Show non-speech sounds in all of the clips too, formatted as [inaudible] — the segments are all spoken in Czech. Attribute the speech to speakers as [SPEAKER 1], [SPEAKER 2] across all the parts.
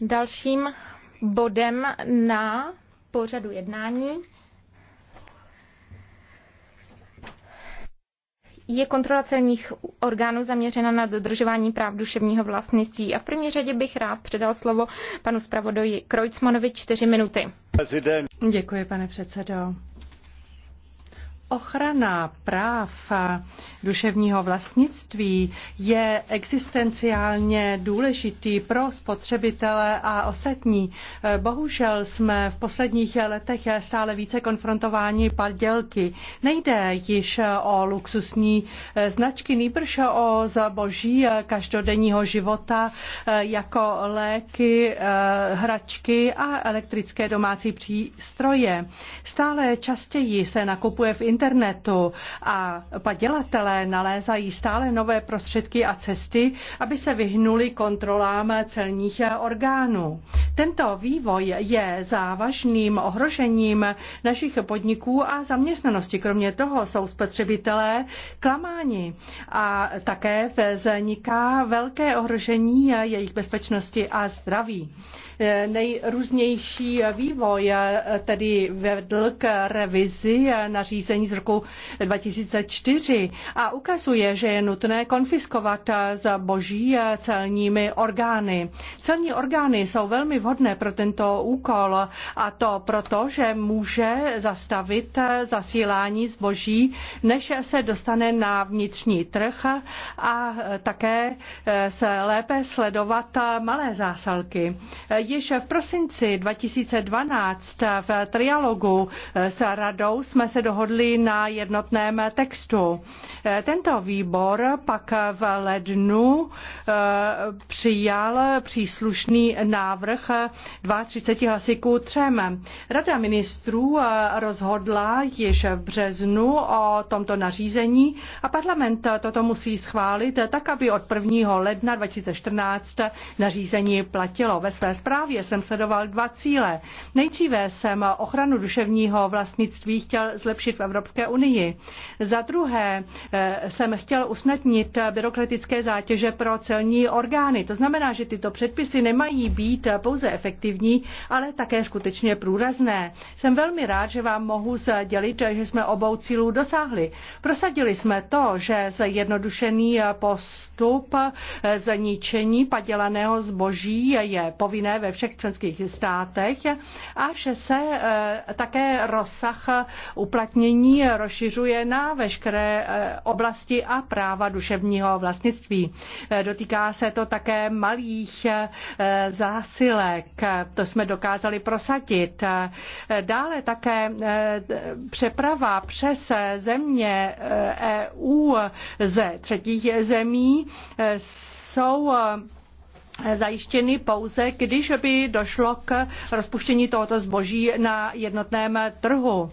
[SPEAKER 1] Dalším bodem na pořadu jednání je kontrola celních orgánů zaměřena na dodržování práv duševního vlastnictví. A v první řadě bych rád předal slovo panu zpravodoji Krojcmanovi čtyři minuty. Děkuji, pane předsedo.
[SPEAKER 2] Ochrana práv duševního vlastnictví je existenciálně důležitý pro spotřebitele a ostatní. Bohužel jsme v posledních letech stále více konfrontováni padělky. Nejde již o luxusní značky, nýbrž o zboží každodenního života jako léky, hračky a elektrické domácí přístroje. Stále častěji se nakupuje v internetu internetu a padělatelé nalézají stále nové prostředky a cesty, aby se vyhnuli kontrolám celních orgánů. Tento vývoj je závažným ohrožením našich podniků a zaměstnanosti. Kromě toho jsou spotřebitelé klamáni a také vzniká velké ohrožení jejich bezpečnosti a zdraví. Nejrůznější vývoj tedy vedl k revizi nařízení z roku 2004 a ukazuje, že je nutné konfiskovat zboží celními orgány. Celní orgány jsou velmi vhodné pro tento úkol a to proto, že může zastavit zasílání zboží, než se dostane na vnitřní trh a také se lépe sledovat malé zásilky. Již v prosinci 2012 v trialogu s radou jsme se dohodli na jednotném textu. Tento výbor pak v lednu eh, přijal příslušný návrh 32 hlasy ku třem. Rada ministrů eh, rozhodla již v březnu o tomto nařízení a parlament toto musí schválit tak, aby od 1. ledna 2014 nařízení platilo ve své zprávě zprávě jsem sledoval dva cíle. Nejdříve jsem ochranu duševního vlastnictví chtěl zlepšit v Evropské unii. Za druhé eh, jsem chtěl usnadnit byrokratické zátěže pro celní orgány. To znamená, že tyto předpisy nemají být pouze efektivní, ale také skutečně průrazné. Jsem velmi rád, že vám mohu sdělit, že jsme obou cílů dosáhli. Prosadili jsme to, že zjednodušený postup eh, zničení padělaného zboží je povinné ve všech členských státech a že se eh, také rozsah uplatnění rozšiřuje na veškeré eh, oblasti a práva duševního vlastnictví. Eh, dotýká se to také malých zásilek. To jsme dokázali prosadit. Dále také přeprava přes země EU e ze třetích zemí jsou zajištěny pouze, když by došlo k rozpuštění tohoto zboží na jednotném trhu.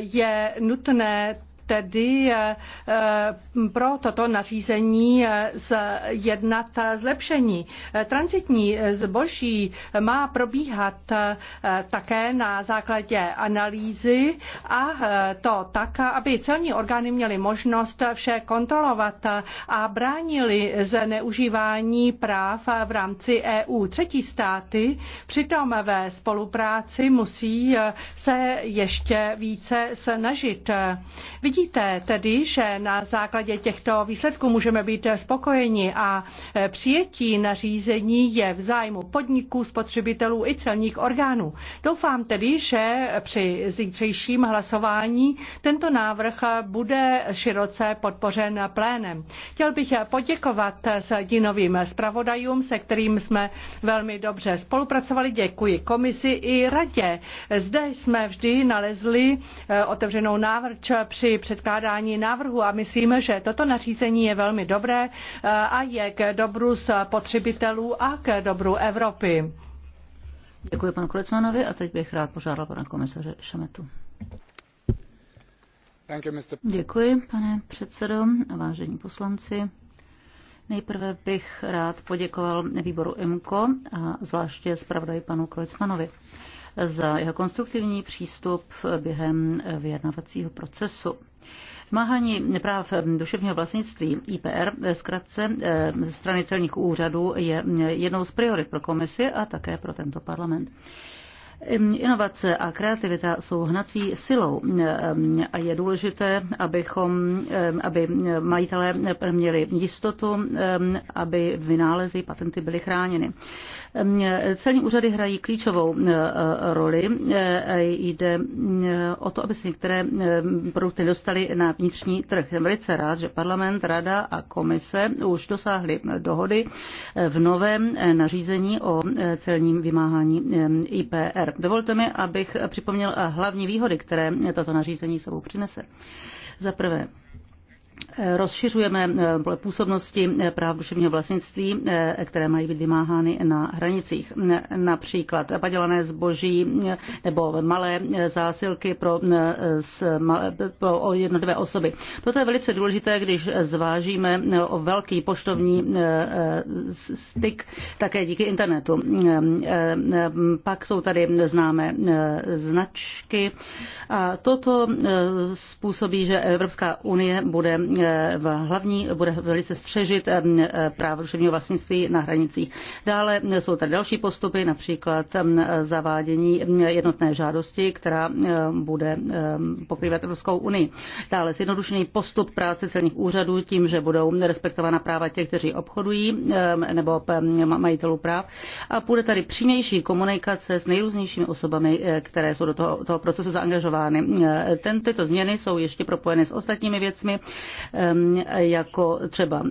[SPEAKER 2] Je nutné tedy eh, eh, pro toto nařízení eh, jednat zlepšení. Transitní zboží má probíhat také na základě analýzy a to tak, aby celní orgány měly možnost vše kontrolovat a bránili zneužívání práv v rámci EU. Třetí státy přitom ve spolupráci musí se ještě více snažit. Vidí Vidíte tedy, že na základě těchto výsledků můžeme být spokojeni a e, přijetí nařízení je v zájmu podniků, spotřebitelů i celních orgánů. Doufám tedy, že při zítřejším hlasování tento návrh bude široce podpořen plénem. Chtěl bych poděkovat dinovým zpravodajům, se kterým jsme velmi dobře spolupracovali. Děkuji komisi i radě. Zde jsme vždy nalezli e, otevřenou návrč při předkládání návrhu a myslím, že toto nařízení
[SPEAKER 3] je velmi dobré eh, a je k dobru spotřebitelů a k dobru Evropy. Děkuji panu Kurecmanovi a teď bych rád požádal pana komisaře Šametu. Děkuji, pane předsedo a vážení poslanci. Nejprve bych rád poděkoval výboru IMCO a zvláště zpravodaji panu Krojcmanovi za jeho konstruktivní přístup během vyjednavacího procesu. Vmáhání práv duševního vlastnictví IPR, zkratce ze strany celních úřadů, je jednou z priorit pro komisi a také pro tento parlament. Inovace a kreativita jsou hnací silou a je důležité, abychom, aby majitelé měli jistotu, aby vynálezy patenty byly chráněny. Ehm, celní úřady hrají klíčovou eh, eh, roli. Eh, jde o to, aby se některé ehm, produkty dostaly na vnitřní trh. Jsem velice rád, že parlament, rada a komise už dosáhly dohody v novém nařízení o celním vymáhání ehm, IPR. Dovolte mi, abych připomněl hlavní výhody, které toto nařízení sebou přinese. Za prvé, Rozšiřujeme eh, působnosti eh, práv duševního vlastnictví, eh, které mají být vymáhány na hranicích. Například padělané zboží nebo malé zásilky pro, pro jednotlivé osoby. Toto je velice důležité, když zvážíme o velký poštovní styk také díky internetu. Pak jsou tady známé značky. A toto způsobí, že Evropská unie bude hlavní bude velice střežit eh, eh, právo duševního vlastnictví na hranicích. Dále jsou tady další postupy, například eh, zavádění jednotné žádosti, která bude pokrývat Evropskou unii. Dále zjednodušený postup práce celních úřadů tím, že budou respektována práva těch, kteří obchodují nebo majitelů práv. A bude tady přímější komunikace s nejrůznějšími osobami, které jsou do toho, toho procesu zaangažovány. Tento, tyto změny jsou ještě propojeny s ostatními věcmi, jako třeba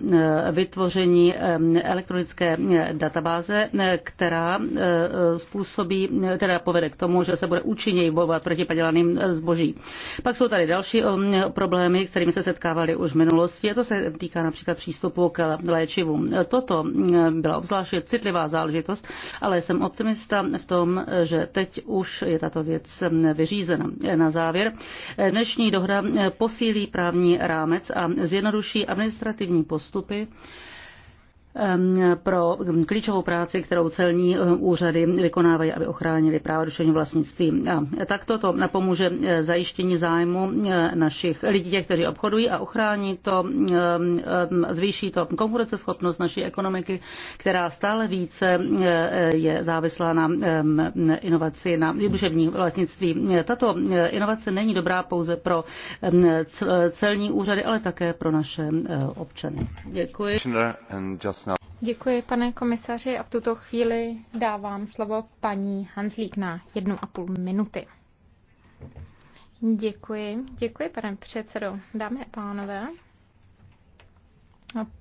[SPEAKER 3] vytvoření elektronické databáze, která způsobí, která povede k tomu, že se bude účinněji bojovat proti padělaným zboží. Pak jsou tady další problémy, kterými se setkávali už v minulosti, a to se týká například přístupu k léčivům. Toto byla obzvláště citlivá záležitost, ale jsem optimista v tom, že teď už je tato věc vyřízena. Na závěr, dnešní dohoda posílí právní rámec a zjednoduší administrativní postupy pro klíčovou práci, kterou celní eh, úřady vykonávají, aby ochránili práva duševního vlastnictví. A tak toto napomůže eh, zajištění zájmu eh, našich lidí, těch, kteří obchodují a ochrání to, zvýší to konkurenceschopnost naší ekonomiky, která stále více je závislá na inovaci, na duševní vlastnictví. Tato inovace není dobrá pouze pro celní úřady, ale také pro naše občany. Děkuji.
[SPEAKER 1] Děkuji, pane komisaři, a v tuto chvíli dávám slovo paní Hanzlík na jednu a půl minuty. Děkuji, děkuji, pane předsedo. Dámy a pánové,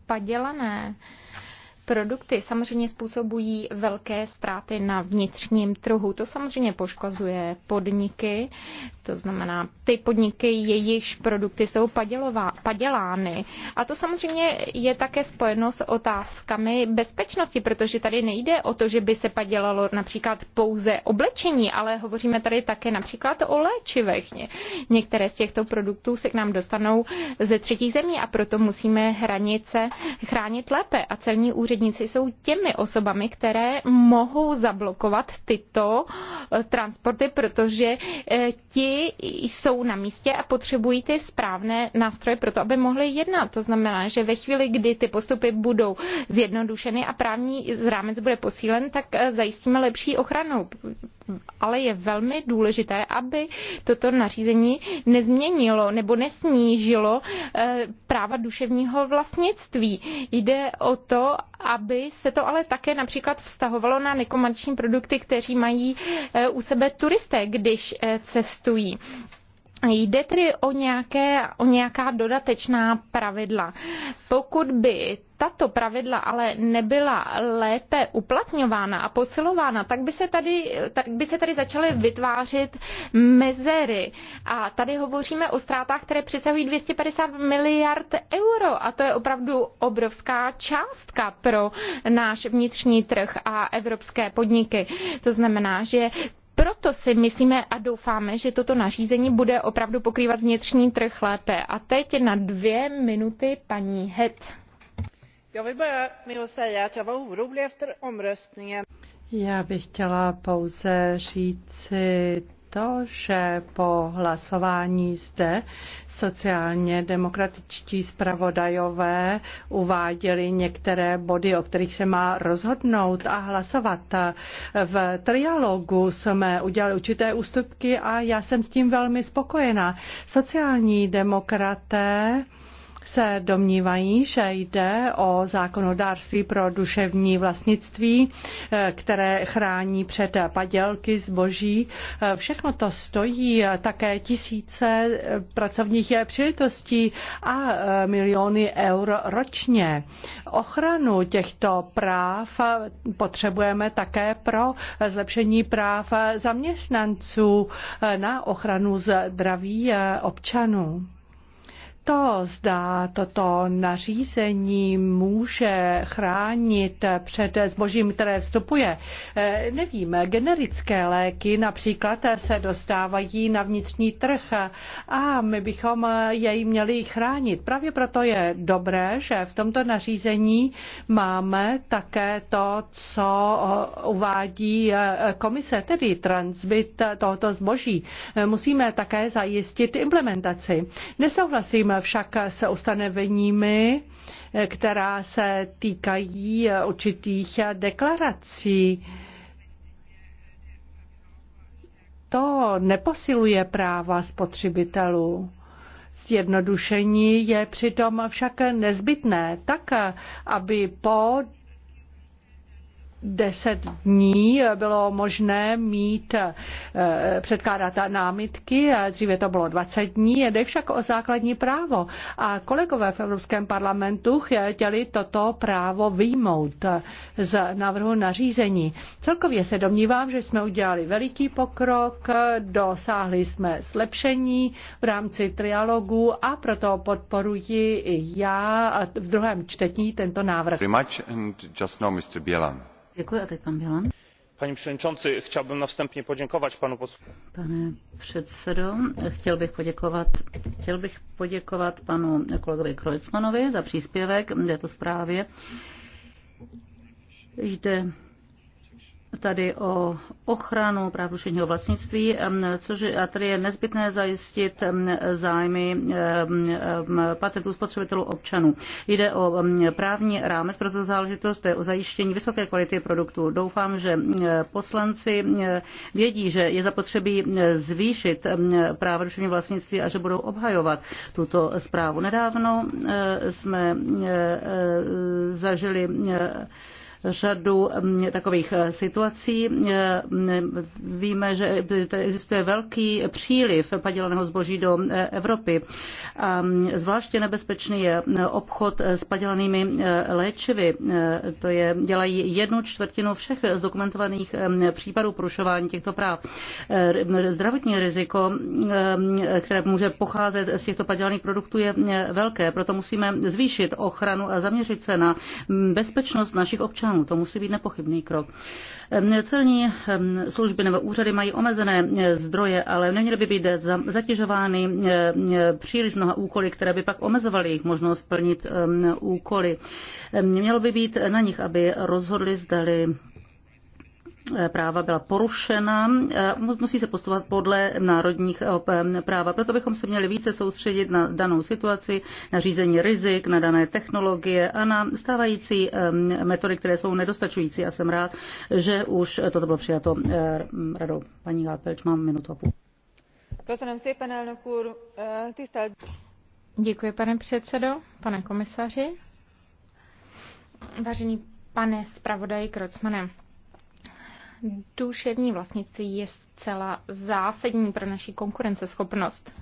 [SPEAKER 1] padělané produkty samozřejmě způsobují velké ztráty na vnitřním trhu. To samozřejmě poškozuje podniky, to znamená ty podniky, jejichž produkty jsou padělová, padělány. A to samozřejmě je také spojeno s otázkami bezpečnosti, protože tady nejde o to, že by se padělalo například pouze oblečení, ale hovoříme tady také například o léčivech. Některé z těchto produktů se k nám dostanou ze třetí zemí a proto musíme hranice chránit lépe a celní úřední úředníci jsou těmi osobami, které mohou zablokovat tyto eh, transporty, protože eh, ti jsou na místě a potřebují ty správné nástroje pro to, aby mohli jednat. To znamená, že ve chvíli, kdy ty postupy budou zjednodušeny a právní rámec bude posílen, tak eh, zajistíme lepší ochranu ale je velmi důležité, aby toto nařízení nezměnilo nebo nesnížilo eh, práva duševního vlastnictví. Jde o to, aby se to ale také například vztahovalo na nekomerční produkty, kteří mají eh, u sebe turisté, když eh, cestují. Jde tedy o, nějaké, o nějaká dodatečná pravidla. Pokud by tato pravidla ale nebyla lépe uplatňována a posilována, tak by se tady, tak by se tady začaly vytvářet mezery. A tady hovoříme o ztrátách, které přesahují 250 miliard euro a to je opravdu obrovská částka pro náš vnitřní trh a evropské podniky. To znamená, že proto si myslíme a doufáme, že toto nařízení bude opravdu pokrývat vnitřní trh lépe. A teď na dvě minuty paní Het.
[SPEAKER 2] Já bych chtěla pouze říci to, že po hlasování zde sociálně demokratičtí zpravodajové uváděli některé body, o kterých se má rozhodnout a hlasovat. V trialogu jsme udělali určité ústupky a já jsem s tím velmi spokojená. Sociální demokraté se domnívají, že jde o zákonodárství pro duševní vlastnictví, eh, které chrání před padělky zboží. Eh, všechno to stojí také tisíce eh, pracovních příležitostí a miliony eur ročně. Ochranu těchto práv potřebujeme také pro zlepšení práv zaměstnanců na ochranu zdraví občanů to, zda toto nařízení může chránit před zbožím, které vstupuje. E, nevím, generické léky například se dostávají na vnitřní trh a my bychom jej měli chránit. Právě proto je dobré, že v tomto nařízení máme také to, co uvádí komise, tedy transbit tohoto zboží. E, musíme také zajistit implementaci. Nesouhlasím však se ustanoveními, která se týkají určitých deklarací. To neposiluje práva spotřebitelů. Zjednodušení je přitom však nezbytné tak, aby po deset dní bylo možné mít eh, předkládat námitky, dříve to bylo 20 dní, jde však o základní právo. A kolegové v Evropském parlamentu chtěli toto právo vyjmout z návrhu nařízení. Celkově se domnívám, že jsme udělali veliký pokrok, dosáhli jsme zlepšení v rámci trialogu a proto podporuji i já v
[SPEAKER 3] druhém čtení tento návrh. Very
[SPEAKER 2] much and just now, Mr. Bielan. Děkuji a pan předsedající, chtěl bych na vstępně poděkovat panu poslu.
[SPEAKER 3] Pane předsedo, chtěl poděkovat, panu kolegovi Krojcmanovi za příspěvek této zprávě. Jde tady o ochranu práv duševního vlastnictví, což a tady je nezbytné zajistit zájmy patentů spotřebitelů občanů. Jde o právní rámec pro tu záležitost, to je o zajištění vysoké kvality produktů. Doufám, že poslanci vědí, že je zapotřebí zvýšit práva duševního vlastnictví a že budou obhajovat tuto zprávu. Nedávno eh, jsme eh, eh, zažili řadu mm, takových eh, situací. Eh, víme, že existuje velký příliv padělaného zboží do eh, Evropy. Mm, zvláště nebezpečný je obchod s padělanými léčivy. To je, dělají jednu čtvrtinu všech zdokumentovaných mm, případů porušování těchto práv. Zdravotní riziko, které může pocházet z těchto padělaných produktů, je velké. Proto musíme zvýšit ochranu a zaměřit se na bezpečnost našich občanů občanů. To musí být nepochybný krok. Celní služby nebo úřady mají omezené zdroje, ale neměly by být zatěžovány příliš mnoha úkoly, které by pak omezovaly jejich možnost plnit úkoly. Mělo by být na nich, aby rozhodli, zdali Eh, práva byla porušena. Eh, musí se postupovat podle národních eh, práva. Proto bychom se měli více soustředit na danou situaci, na řízení rizik, na dané technologie a na stávající metody, které jsou nedostačující. A jsem rád, že už toto bylo přijato radou. Paní Gápelč, mám minutu a půl.
[SPEAKER 1] Děkuji, pane předsedo, pane komisaři. Vážený pane zpravodaji Krocmane, duševní vlastnictví je zcela zásadní pro naši konkurenceschopnost.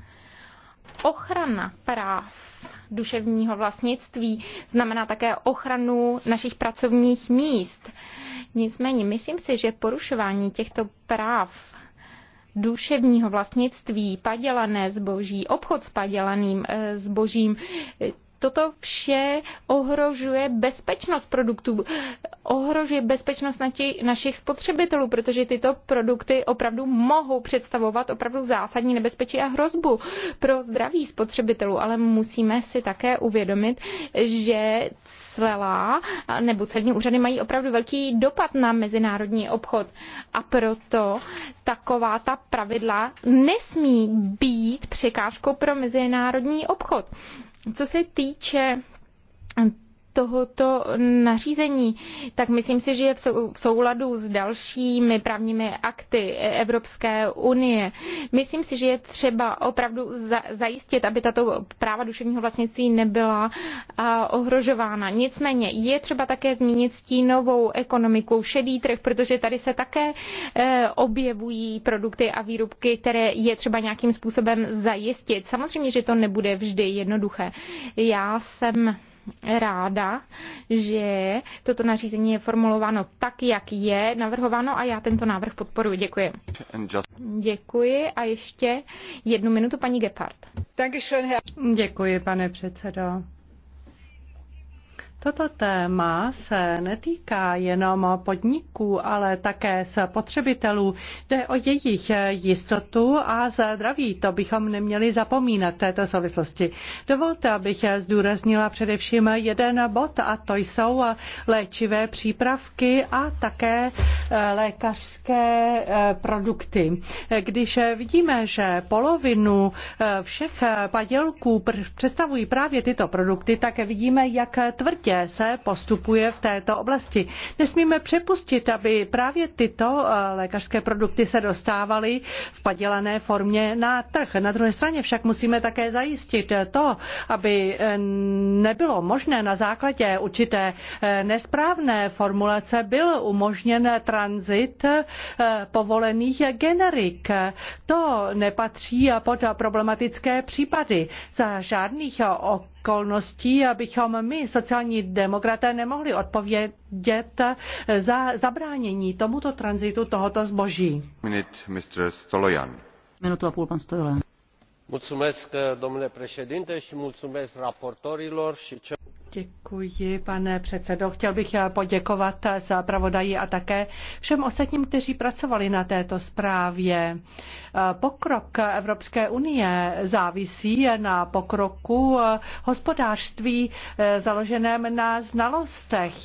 [SPEAKER 1] Ochrana práv duševního vlastnictví znamená také ochranu našich pracovních míst. Nicméně myslím si, že porušování těchto práv duševního vlastnictví, padělané zboží, obchod s padělaným eh, zbožím, eh, toto vše ohrožuje bezpečnost produktů, ohrožuje bezpečnost našich spotřebitelů, protože tyto produkty opravdu mohou představovat opravdu zásadní nebezpečí a hrozbu pro zdraví spotřebitelů, ale musíme si také uvědomit, že celá nebo celní úřady mají opravdu velký dopad na mezinárodní obchod a proto taková ta pravidla nesmí být překážkou pro mezinárodní obchod. Co se týče tohoto nařízení, tak myslím si, že je v souladu s dalšími právními akty Evropské unie. Myslím si, že je třeba opravdu zajistit, aby tato práva duševního vlastnictví nebyla ohrožována. Nicméně je třeba také zmínit stínovou ekonomiku, šedý trh, protože tady se také e, objevují produkty a výrobky, které je třeba nějakým způsobem zajistit. Samozřejmě, že to nebude vždy jednoduché. Já jsem ráda, že toto nařízení je formulováno tak, jak je navrhováno a já tento návrh podporuji. Děkuji. Děkuji a ještě jednu minutu paní Gepard. Děkuji, pane předsedo.
[SPEAKER 2] Toto téma se netýká jenom podniků, ale také spotřebitelů. Jde o jejich jistotu a zdraví. To bychom neměli zapomínat v této souvislosti. Dovolte, abych zdůraznila především jeden bod, a to jsou léčivé přípravky a také eh, lékařské eh, produkty. Když vidíme, že polovinu eh, všech padělků představují právě tyto produkty, tak vidíme, jak tvrdě hrdě se postupuje v této oblasti. Nesmíme přepustit, aby právě tyto eh, lékařské produkty se dostávaly v padělané formě na trh. Na druhé straně však musíme také zajistit to, aby eh, nebylo možné na základě určité eh, nesprávné formulace byl umožněn tranzit povolených generik. To nepatří pod problematické případy. Za žádných okolností abychom my, sociální sociální demokraté nemohli odpovědět za zabránění tomuto tranzitu tohoto zboží. Minut, Mr. Stolojan.
[SPEAKER 3] Minutu a půl, pan Stolojan. Mulțumesc, domnule președinte, și mulțumesc raportorilor și celor
[SPEAKER 2] Děkuji, pane předsedo. Chtěl bych eh, poděkovat eh, za pravodají a také všem ostatním, kteří pracovali na této zprávě. Eh, pokrok Evropské unie závisí na pokroku hospodářství založeném na znalostech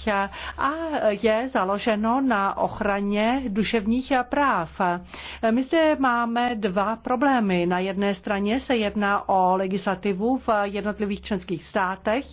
[SPEAKER 2] a je založeno na ochraně duševních práv. My zde máme dva problémy. Na jedné straně se jedná o legislativu v jednotlivých členských státech,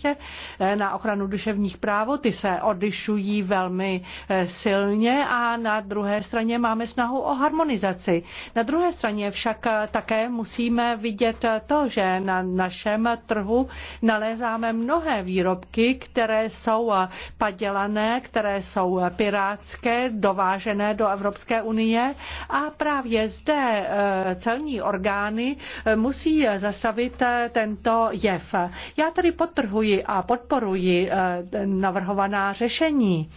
[SPEAKER 2] na ochranu duševních práv, ty se odlišují velmi eh, silně a na druhé straně máme snahu o harmonizaci. Na druhé straně však eh, také musíme vidět eh, to, že na našem trhu nalézáme mnohé výrobky, které jsou padělané, které jsou pirátské, dovážené do Evropské unie a právě zde celní orgány musí zastavit tento jev. Já tady potrhuji a pod podporuji eh, navrhovaná řešení.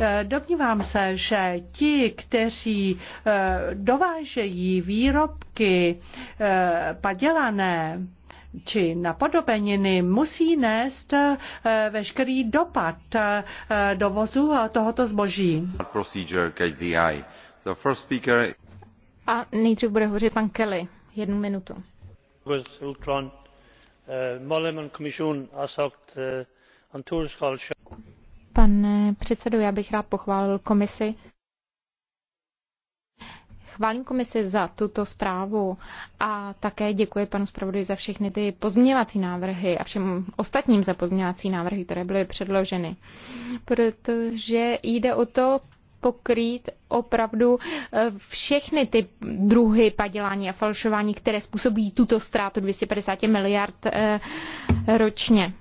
[SPEAKER 2] Eh, domnívám se, že ti, kteří eh, dovážejí výrobky padělané, či napodobeniny musí nést veškerý dopad dovozu tohoto zboží.
[SPEAKER 1] A nejdřív bude hovořit pan Kelly. Jednu minutu. Pane předsedo, já bych rád pochválil komisi. Chválím komisi za tuto zprávu a také děkuji panu zpravodaji za všechny ty pozměňovací návrhy a všem ostatním za pozměňovací návrhy, které byly předloženy. Protože jde o to pokrýt opravdu eh, všechny ty druhy padělání a falšování, které způsobují tuto ztrátu 250 miliard eh, ročně.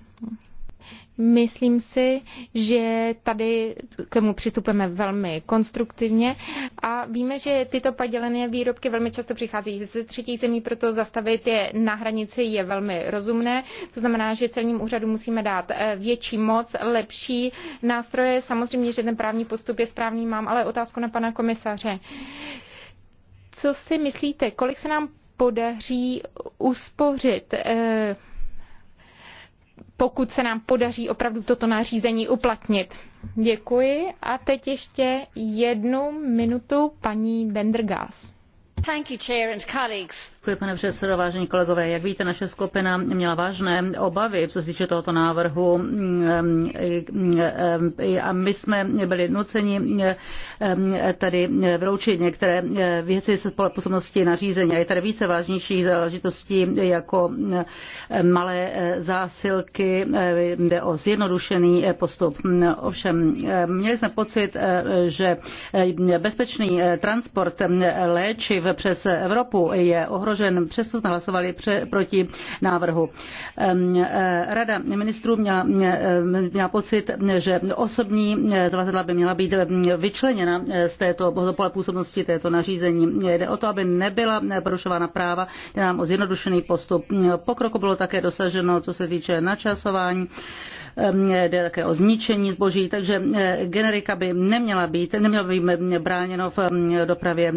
[SPEAKER 1] Myslím si, že tady k tomu přistupujeme velmi konstruktivně a víme, že tyto padělené výrobky velmi často přicházejí ze třetích zemí, proto zastavit je na hranici je velmi rozumné. To znamená, že celním úřadu musíme dát eh, větší moc, lepší nástroje. Samozřejmě, že ten právní postup je správný, mám ale otázku na pana komisaře. Co si myslíte, kolik se nám podaří uspořit eh, pokud se nám podaří opravdu toto nařízení uplatnit. Děkuji a teď ještě jednu minutu paní Bendergas pane
[SPEAKER 3] předsedající Jak víte, naše skupina měla vážné obavy, co se týče tohoto návrhu a my jsme byli nuceni ehm, tady vyloučit některé ehm, věci z působnosti nařízení. Je tady více vážnějších záležitostí jako ehm, malé zásilky, jde o zjednodušený postup. Ovšem, měli jsme pocit, že bezpečný transport léčiv přes Evropu je ohrožen, přesto jsme hlasovali pře, proti návrhu. E, Rada ministrů měla, e, měla pocit, že osobní e, zavazadla by měla být vyčleněna z této pole působnosti této nařízení. Jde o to, aby nebyla porušována práva, jde nám o zjednodušený postup. Pokroku bylo také dosaženo, co se týče načasování jde také o zničení zboží, takže generika by neměla být, neměla by být bráněno v dopravě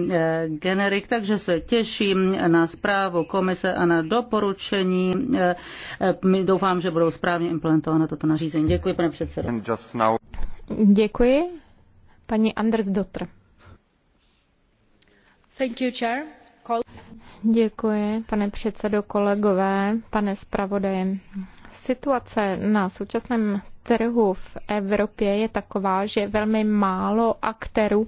[SPEAKER 3] generik, takže se těším na zprávu komise a na doporučení. My doufám, že budou správně implementováno toto nařízení. Děkuji,
[SPEAKER 1] pane předsedo. Děkuji. Paní Anders Dotr. Thank you, chair. Děkuji, pane předsedo, kolegové, pane zpravodaji situace na současném trhu v Evropě je taková, že velmi málo aktérů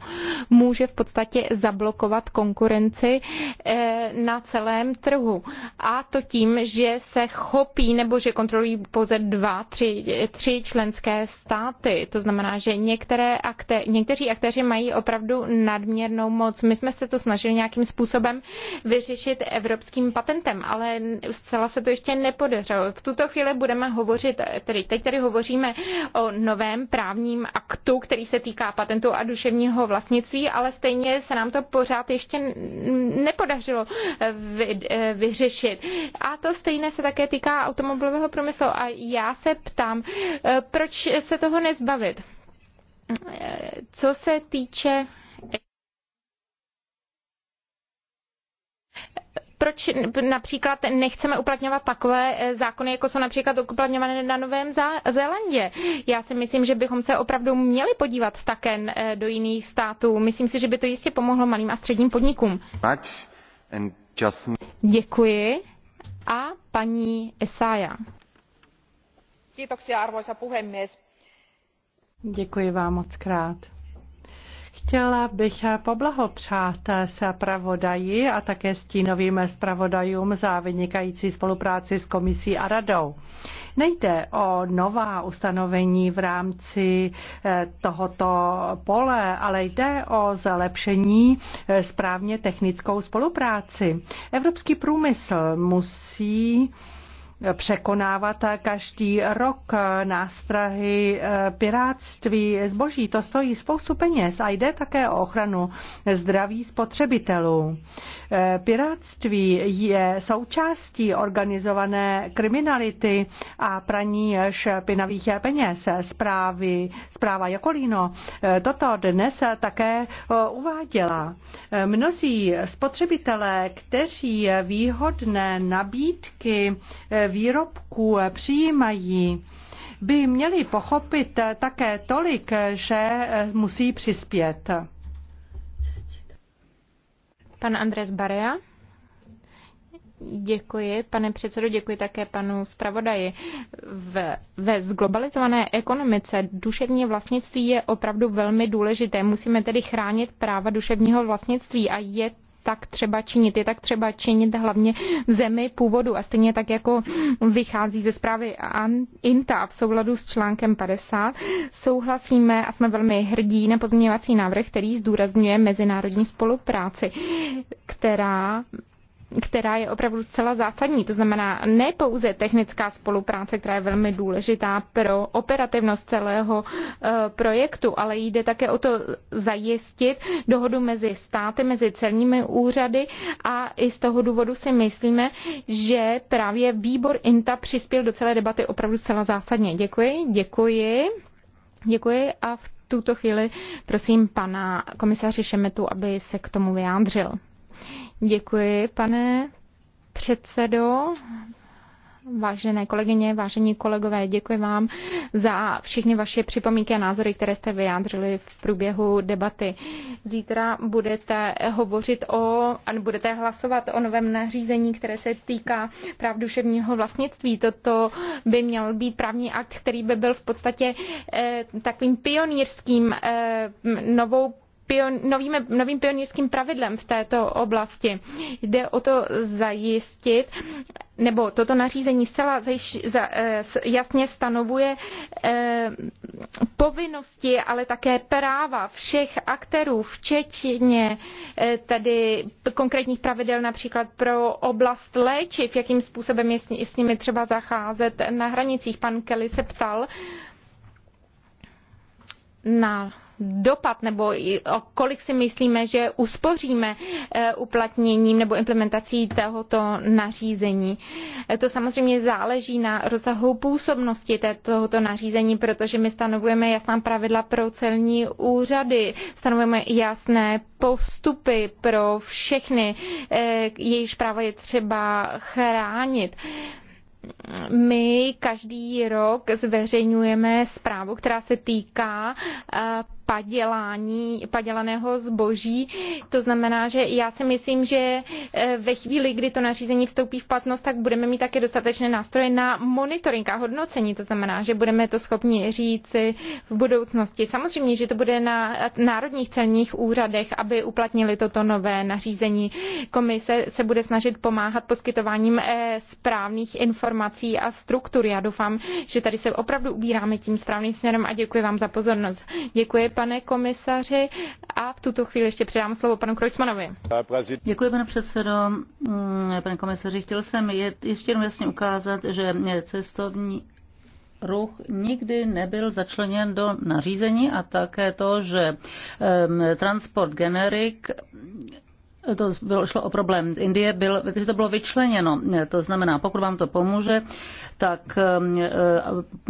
[SPEAKER 1] může v podstatě zablokovat konkurenci eh, na celém trhu. A to tím, že se chopí nebo že kontrolují pouze dva, tři, tři členské státy. To znamená, že některé akté, někteří aktéři mají opravdu nadměrnou moc. My jsme se to snažili nějakým způsobem vyřešit evropským patentem, ale zcela se to ještě nepodařilo. V tuto chvíli budeme hovořit, tedy teď tady hovoříme o novém právním aktu, který se týká patentu a duševního vlastnictví, ale stejně se nám to pořád ještě nepodařilo eh, vy, eh, vyřešit. A to stejné se také týká automobilového průmyslu. A já se ptám, eh, proč se toho nezbavit? Co se týče proč například nechceme uplatňovat takové eh, zákony, jako jsou například uplatňované na Novém Zélandě. Já si myslím, že bychom se opravdu měli podívat také eh, do jiných států. Myslím si, že by to jistě pomohlo malým a středním podnikům. Děkuji. A paní Esája.
[SPEAKER 2] Děkuji vám moc krát. Chtěla bych poblahopřát se pravodaji a také stínovým zpravodajům za vynikající spolupráci s komisí a radou. Nejde o nová ustanovení v rámci eh, tohoto pole, ale jde o zlepšení eh, správně technickou spolupráci. Evropský průmysl musí překonávat každý rok nástrahy eh, piráctví zboží. To stojí spoustu peněz a jde také o ochranu zdraví spotřebitelů. Eh, piráctví je součástí organizované kriminality a praní špinavých peněz. Zprávy, zpráva Jakolíno eh, toto dnes také uváděla. Mnozí spotřebitelé, kteří výhodné nabídky výrobků přijímají, by měli pochopit také tolik, že musí přispět.
[SPEAKER 1] Pan Andres Barea. Děkuji, pane předsedo, děkuji také panu zpravodaji. V, ve zglobalizované ekonomice duševní vlastnictví je opravdu velmi důležité. Musíme tedy chránit práva duševního vlastnictví a je tak třeba činit. Je tak třeba činit hlavně v zemi původu a stejně tak jako vychází ze zprávy INTA v souladu s článkem 50. Souhlasíme a jsme velmi hrdí na pozměňovací návrh, který zdůrazňuje mezinárodní spolupráci, která která je opravdu zcela zásadní. To znamená ne pouze technická spolupráce, která je velmi důležitá pro operativnost celého eh, projektu, ale jde také o to zajistit dohodu mezi státy, mezi celními úřady a i z toho důvodu si myslíme, že právě výbor INTA přispěl do celé debaty opravdu zcela zásadně. Děkuji, děkuji. Děkuji a v tuto chvíli prosím pana komisaře Šemetu, aby se k tomu vyjádřil. Děkuji, pane předsedo. Vážené kolegyně, vážení kolegové, děkuji vám za všechny vaše připomínky a názory, které jste vyjádřili v průběhu debaty. Zítra budete hovořit o, a budete hlasovat o novém nařízení, které se týká práv duševního vlastnictví. Toto by měl být právní akt, který by byl v podstatě eh, takovým pionýrským eh, novou novým, novým pionýrským pravidlem v této oblasti. Jde o to zajistit, nebo toto nařízení zcela eh, jasně stanovuje eh, povinnosti, ale také práva všech aktérů, včetně eh, tedy konkrétních pravidel například pro oblast léčiv, jakým způsobem je s nimi třeba zacházet na hranicích. Pan Kelly se ptal na dopad nebo o kolik si myslíme, že uspoříme eh, uplatněním nebo implementací tohoto nařízení. Eh, to samozřejmě záleží na rozsahu působnosti tohoto nařízení, protože my stanovujeme jasná pravidla pro celní úřady, stanovujeme jasné postupy pro všechny, eh, jejichž práva je třeba chránit my každý rok zveřejňujeme zprávu, která se týká padělání, padělaného zboží. To znamená, že já si myslím, že eh, ve chvíli, kdy to nařízení vstoupí v platnost, tak budeme mít také dostatečné nástroje na monitoring a hodnocení. To znamená, že budeme to schopni říci v budoucnosti. Samozřejmě, že to bude na národních celních úřadech, aby uplatnili toto nové nařízení. Komise se bude snažit pomáhat poskytováním eh, správných informací a struktur. Já doufám, že tady se opravdu ubíráme tím správným směrem a děkuji vám za pozornost. Děkuji pane komisaři. A v tuto chvíli ještě předám slovo panu Krojcmanovi. Děkuji, pane předsedo. Mm, pane komisaři, chtěl jsem
[SPEAKER 3] ještě jenom jasně ukázat, že cestovní ruch nikdy nebyl začleněn do nařízení a také to, že transport generik to bylo, šlo o problém Indie, byl, že to bylo vyčleněno. To znamená, pokud vám to pomůže, tak um,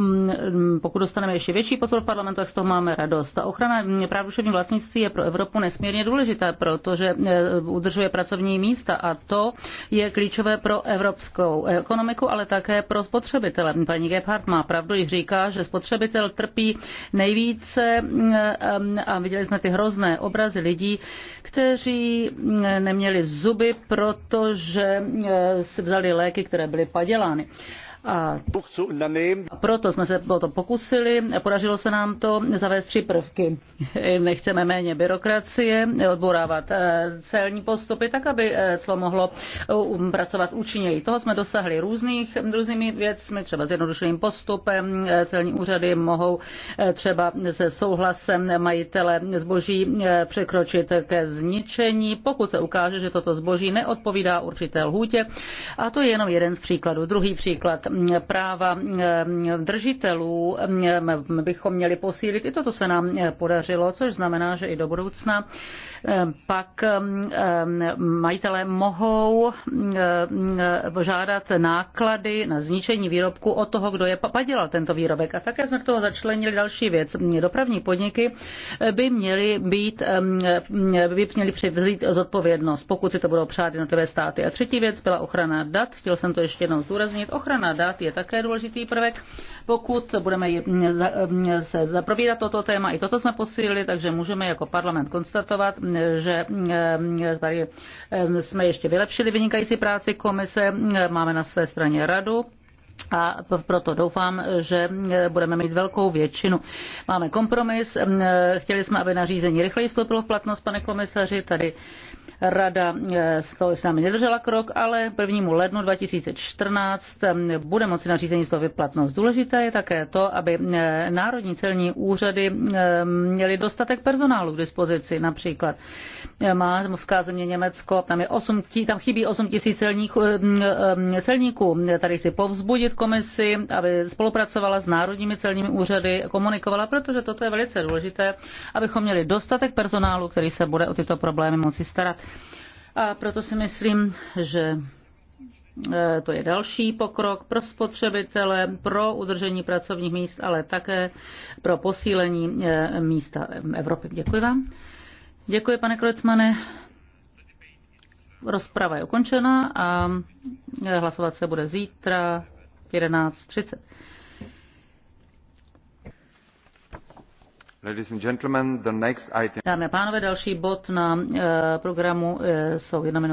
[SPEAKER 3] um, pokud dostaneme ještě větší podporu v parlamentu, tak z toho máme radost. Ta ochrana um, práv duševního vlastnictví je pro Evropu nesmírně důležitá, protože uh, udržuje pracovní místa a to je klíčové pro evropskou ekonomiku, ale také pro spotřebitele. Paní Gebhardt má pravdu, když říká, že spotřebitel trpí nejvíce a viděli jsme ty hrozné obrazy lidí, kteří neměli zuby, protože eh, si vzali léky, které byly padělány. A proto jsme se o to pokusili, podařilo se nám to zavést tři prvky. [laughs] Nechceme méně byrokracie, odborávat eh, celní postupy, tak aby eh, clo mohlo um, pracovat účinněji. Toho jsme dosahli různých, různými věcmi, třeba jednodušeným postupem. Eh, celní úřady mohou třeba se souhlasem majitele zboží překročit ke zničení, pokud se ukáže, že toto zboží neodpovídá určité lhůtě. A to je jenom jeden z příkladů. Druhý příklad práva eh, držitelů eh, bychom měli posílit. I toto se nám eh, podařilo, což znamená, že i do budoucna pak majitelé mohou žádat náklady na zničení výrobku od toho, kdo je padělal tento výrobek. A také jsme k toho začlenili další věc. Dopravní podniky by měly být, by měly převzít zodpovědnost, pokud si to budou přát jednotlivé státy. A třetí věc byla ochrana dat. Chtěl jsem to ještě jednou zdůraznit. Ochrana dat Dát je také důležitý prvek. Pokud budeme se zaprobírat toto téma, i toto jsme posílili, takže můžeme jako parlament konstatovat, že tady jsme ještě vylepšili vynikající práci komise, máme na své straně radu, a proto doufám, že budeme mít velkou většinu. Máme kompromis, chtěli jsme, aby nařízení rychleji vstoupilo v platnost, pane komisaři, tady Rada eh, s námi nedržela krok, ale 1. lednu 2014 eh, bude moci nařízení z toho vyplatnost. Důležité je také to, aby eh, národní celní úřady měly dostatek personálu k dispozici. Například má Moská země Německo, tam, je 8, tam chybí 8 tisíc celních, celníků. Tady chci povzbudit komisi, aby spolupracovala s národními celními úřady, komunikovala, protože toto je velice důležité, abychom měli dostatek personálu, který se bude o tyto problémy moci starat. A proto si myslím, že e, to je další pokrok pro spotřebitele, pro udržení pracovních míst, ale také pro posílení e, místa Evropy. Děkuji vám. Děkuji, pane Krojcmane. Rozprava je ukončena a e, hlasovat se bude zítra v 11.30. Dámy a pánové, další bod na eh, programu eh, jsou jednominutové